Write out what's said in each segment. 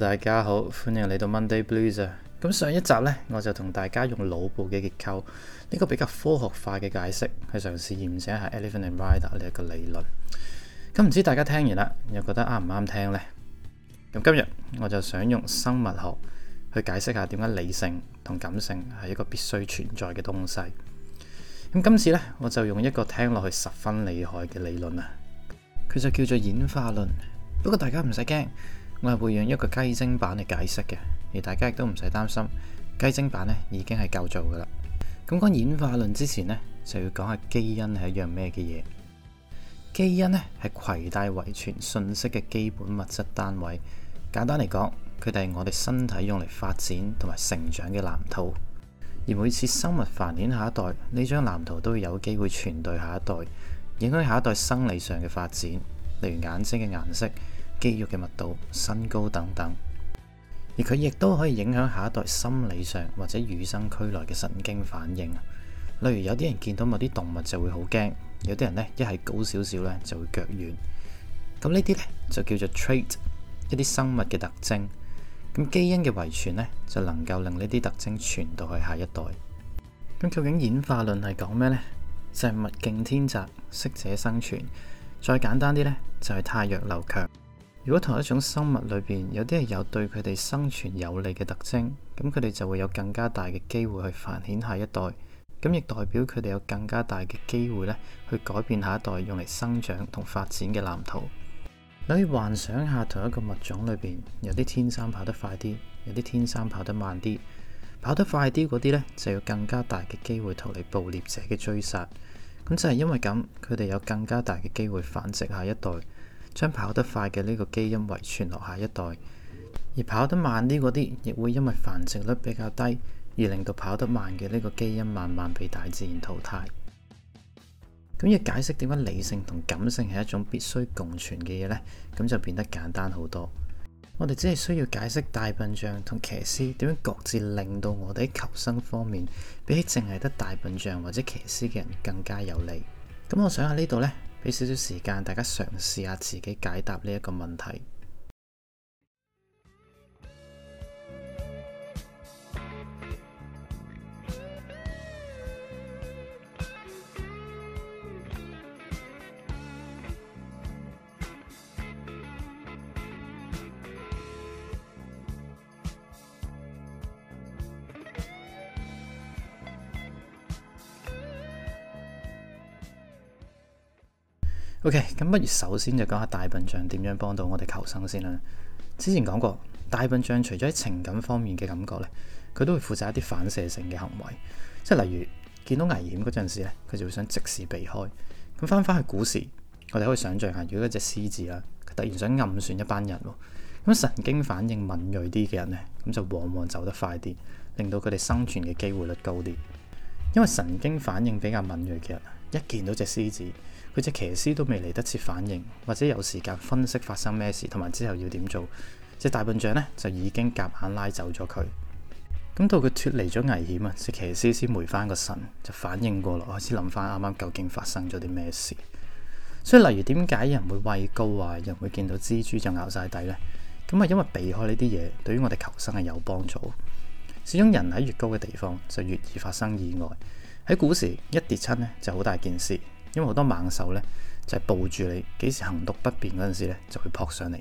大家好，歡迎嚟到 Monday Blues 啊！咁上一集呢，我就同大家用腦部嘅結構，呢個比較科學化嘅解釋，去嘗試驗證下 Elephant and Rider 呢一個理論。咁唔知大家聽完啦，又覺得啱唔啱聽呢？咁今日我就想用生物學去解釋下點解理性同感性係一個必須存在嘅東西。咁今次呢，我就用一個聽落去十分厲害嘅理論啊！佢就叫做演化論。不過大家唔使驚。我係會用一個雞精版嚟解釋嘅，而大家亦都唔使擔心雞精版呢已經係夠做噶啦。咁講演化論之前呢，就要講下基因係一樣咩嘅嘢？基因呢係攜帶遺傳信息嘅基本物質單位。簡單嚟講，佢哋係我哋身體用嚟發展同埋成長嘅藍圖。而每次生物繁衍下一代，呢張藍圖都會有機會傳代下一代，影響下一代生理上嘅發展，例如眼睛嘅顏色。肌肉嘅密度、身高等等，而佢亦都可以影響下一代心理上或者與生俱來嘅神經反應。例如有啲人見到某啲動物就會好驚，有啲人呢一係高少少呢就會腳軟。咁呢啲呢，就叫做 trait，一啲生物嘅特徵。咁基因嘅遺傳呢，就能夠令呢啲特徵傳到去下一代。咁究竟演化論係講咩呢？就係、是、物競天擇，適者生存。再簡單啲呢，就係、是、汰弱留強。如果同一種生物裏邊有啲係有對佢哋生存有利嘅特徵，咁佢哋就會有更加大嘅機會去繁衍下一代，咁亦代表佢哋有更加大嘅機會咧去改變下一代用嚟生長同發展嘅藍圖。你可以幻想下同一個物種裏邊有啲天生跑得快啲，有啲天生跑得慢啲，跑得快啲嗰啲咧就有更加大嘅機會逃離捕獵者嘅追殺，咁就係因為咁，佢哋有更加大嘅機會繁殖下一代。將跑得快嘅呢個基因遺傳落下一代，而跑得慢啲嗰啲，亦會因為繁殖率比較低，而令到跑得慢嘅呢個基因慢慢被大自然淘汰。咁要解釋點解理性同感性係一種必須共存嘅嘢呢？咁就變得簡單好多。我哋只係需要解釋大笨象同騎師點樣各自令到我哋喺求生方面，比起淨係得大笨象或者騎師嘅人更加有利。咁我想喺呢度呢。畀少少時間，大家嘗試下自己解答呢一個問題。OK，咁不如首先就講下大笨象點樣幫到我哋求生先啦。之前講過，大笨象除咗喺情感方面嘅感覺咧，佢都會負責一啲反射性嘅行為，即係例如見到危險嗰陣時咧，佢就會想即時避開。咁翻翻去古時，我哋可以想象下，如果一隻獅子啊，佢突然想暗算一班人，咁神經反應敏銳啲嘅人咧，咁就往往走得快啲，令到佢哋生存嘅機會率高啲。因為神經反應比較敏銳嘅人，一見到一隻獅子，佢隻騎師都未嚟得切反應，或者有時間分析發生咩事，同埋之後要點做，隻大笨象呢，就已經夾硬拉走咗佢。咁到佢脫離咗危險啊，隻騎師先回翻個神，就反應過嚟，開始諗翻啱啱究竟發生咗啲咩事。所以例如點解人會畏高啊，人會見到蜘蛛就咬晒底呢？咁啊，因為避開呢啲嘢，對於我哋求生係有幫助。始終人喺越高嘅地方就越易發生意外。喺古時一跌親呢就好大件事，因為好多猛獸呢就係捕住你，幾時行動不便嗰陣時咧就會撲上嚟。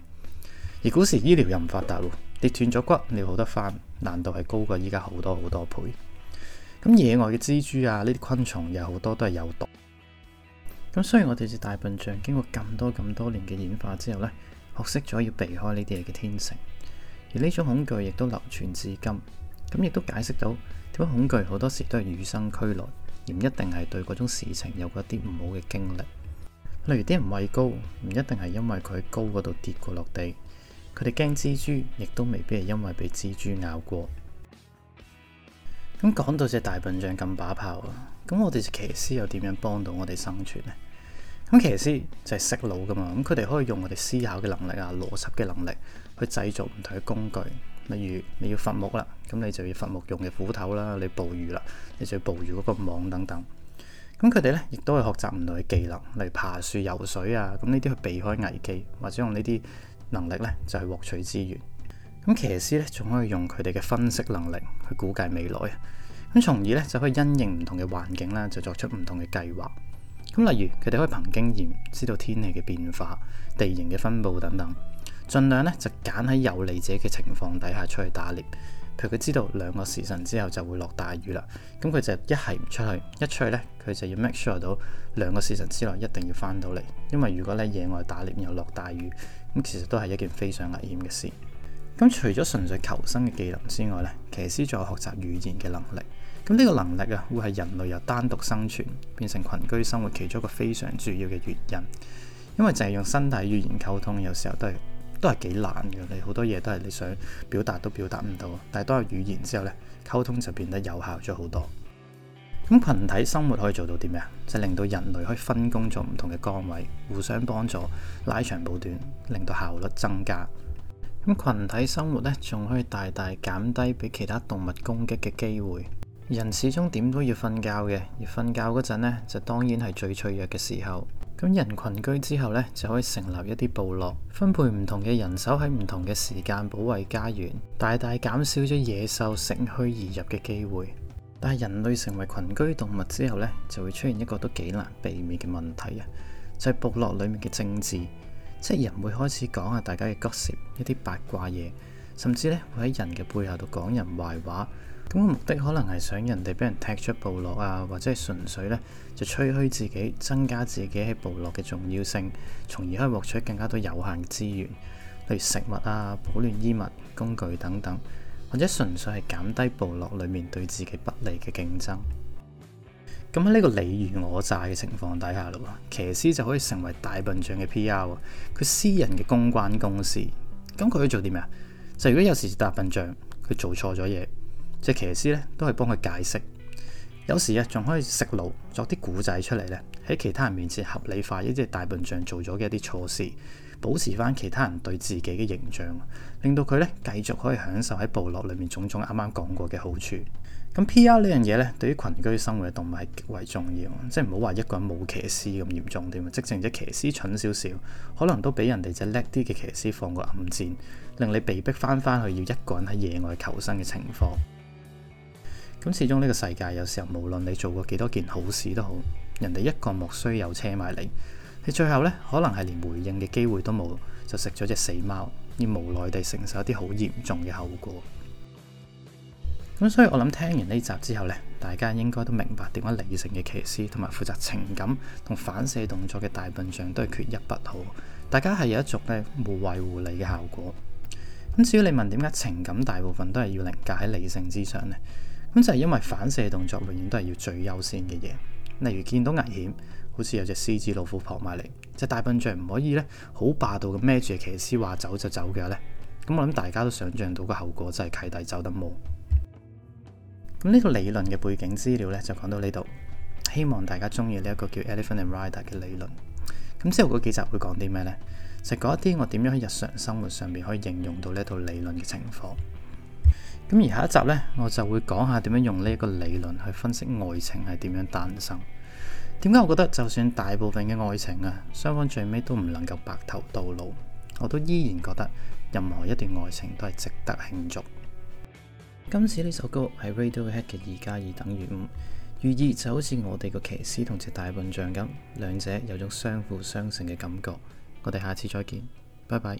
而古時醫療又唔發達喎，跌斷咗骨你好得翻，難度係高過依家好多好多倍。咁野外嘅蜘蛛啊，呢啲昆蟲有好多都係有毒。咁雖然我哋隻大笨象經過咁多咁多年嘅演化之後呢，學識咗要避開呢啲嘢嘅天性，而呢種恐懼亦都流傳至今。咁亦都解釋到點解恐懼好多時都係與生俱來，而唔一定係對嗰種事情有過一啲唔好嘅經歷。例如啲人畏高，唔一定係因為佢喺高嗰度跌過落地。佢哋驚蜘蛛，亦都未必係因為被蜘蛛咬過。咁講 到隻大笨象咁把炮啊，咁我哋隻騎師又點樣幫到我哋生存呢？咁騎師就係識腦㗎嘛，咁佢哋可以用我哋思考嘅能力啊、邏輯嘅能力去製造唔同嘅工具。例如你要伐木啦，咁你就要伐木用嘅斧頭啦，你捕魚啦，你就要捕魚嗰個網等等。咁佢哋咧亦都係學習唔同嘅技能，例如爬樹、游水啊。咁呢啲去避開危機，或者用呢啲能力咧就去獲取資源。咁騎師咧仲可以用佢哋嘅分析能力去估計未來啊。咁從而咧就可以因應唔同嘅環境咧，就作出唔同嘅計劃。咁例如佢哋可以憑經驗知道天氣嘅變化、地形嘅分佈等等。儘量咧就揀喺有利者嘅情況底下出去打獵。譬如佢知道兩個時辰之後就會落大雨啦，咁佢就一係唔出去，一出去咧佢就要 make sure 到兩個時辰之內一定要翻到嚟。因為如果咧野外打獵又落大雨，咁其實都係一件非常危險嘅事。咁除咗純粹求生嘅技能之外咧，騎師仲有學習語言嘅能力。咁呢個能力啊，會係人類由單獨生存變成群居生活其中一個非常主要嘅原因。因為就係用身體語言溝通，有時候都係。都係幾難嘅，你好多嘢都係你想表達都表達唔到。但係當有語言之後呢，溝通就變得有效咗好多。咁群體生活可以做到啲咩啊？就令到人類可以分工做唔同嘅崗位，互相幫助，拉長補短，令到效率增加。咁群體生活呢，仲可以大大減低俾其他動物攻擊嘅機會。人始終點都要瞓覺嘅，而瞓覺嗰陣咧，就當然係最脆弱嘅時候。咁人群居之後呢，就可以成立一啲部落，分配唔同嘅人手喺唔同嘅時間保衛家園，大大減少咗野獸乘虛而入嘅機會。但係人類成為群居動物之後呢，就會出現一個都幾難避免嘅問題啊，就係、是、部落裏面嘅政治，即係人會開始講下大家嘅 gossip 一啲八卦嘢，甚至呢會喺人嘅背後度講人壞話。咁目的可能係想人哋俾人踢出部落啊，或者係純粹咧就吹噓自己，增加自己喺部落嘅重要性，從而可以獲取更加多有限資源，例如食物啊、保暖衣物、工具等等，或者純粹係減低部落裏面對自己不利嘅競爭。咁喺呢個你虞我詐嘅情況底下咯，騎師就可以成為大笨象嘅 P. R. 佢私人嘅公關公司。咁佢可以做啲咩啊？就如果有時大笨象佢做錯咗嘢。隻騎師咧，都係幫佢解釋，有時啊，仲可以食腦，作啲古仔出嚟咧，喺其他人面前合理化一隻大笨象做咗嘅一啲錯事，保持翻其他人對自己嘅形象，令到佢咧繼續可以享受喺部落裏面種種啱啱講過嘅好處。咁 P.R. 呢樣嘢咧，對於群居生活嘅動物係極為重要，即係唔好話一個人冇騎師咁嚴重啲啊！即係甚至隻騎師蠢少少，可能都俾人哋隻叻啲嘅騎師放過暗箭，令你被逼翻翻去要一個人喺野外求生嘅情況。咁，始終呢個世界，有時候無論你做過幾多件好事都好，人哋一個莫須有車埋你，你最後呢，可能係連回應嘅機會都冇，就食咗隻死貓，而無奈地承受一啲好嚴重嘅後果。咁所以我諗聽完呢集之後呢，大家應該都明白點解理性嘅騎士同埋負責情感同反射動作嘅大笨象都係缺一不可。大家係有一種呢，互惠互利嘅效果。咁至於你問點解情感大部分都係要凌駕喺理性之上呢？咁就係因為反射動作永遠都係要最優先嘅嘢，例如見到危險，好似有隻獅子、老虎撲埋嚟，隻大笨象唔可以咧好霸道咁孭住騎師話走就走嘅話咧，咁我諗大家都想像到個後果就係契弟走得冇。咁呢個理論嘅背景資料咧就講到呢度，希望大家中意呢一個叫 Elephant and Rider 嘅理論。咁之後嗰幾集會講啲咩呢？就講一啲我點樣喺日常生活上面可以應用到呢套理論嘅情況。咁而下一集呢，我就會講下點樣用呢一個理論去分析愛情係點樣誕生。點解我覺得就算大部分嘅愛情啊，雙方最尾都唔能夠白頭到老，我都依然覺得任何一段愛情都係值得慶祝。今次呢首歌係 Radiohead 嘅《二加二等於五》，寓意就好似我哋個騎士同隻大笨象咁，兩者有種相輔相成嘅感覺。我哋下次再見，拜拜。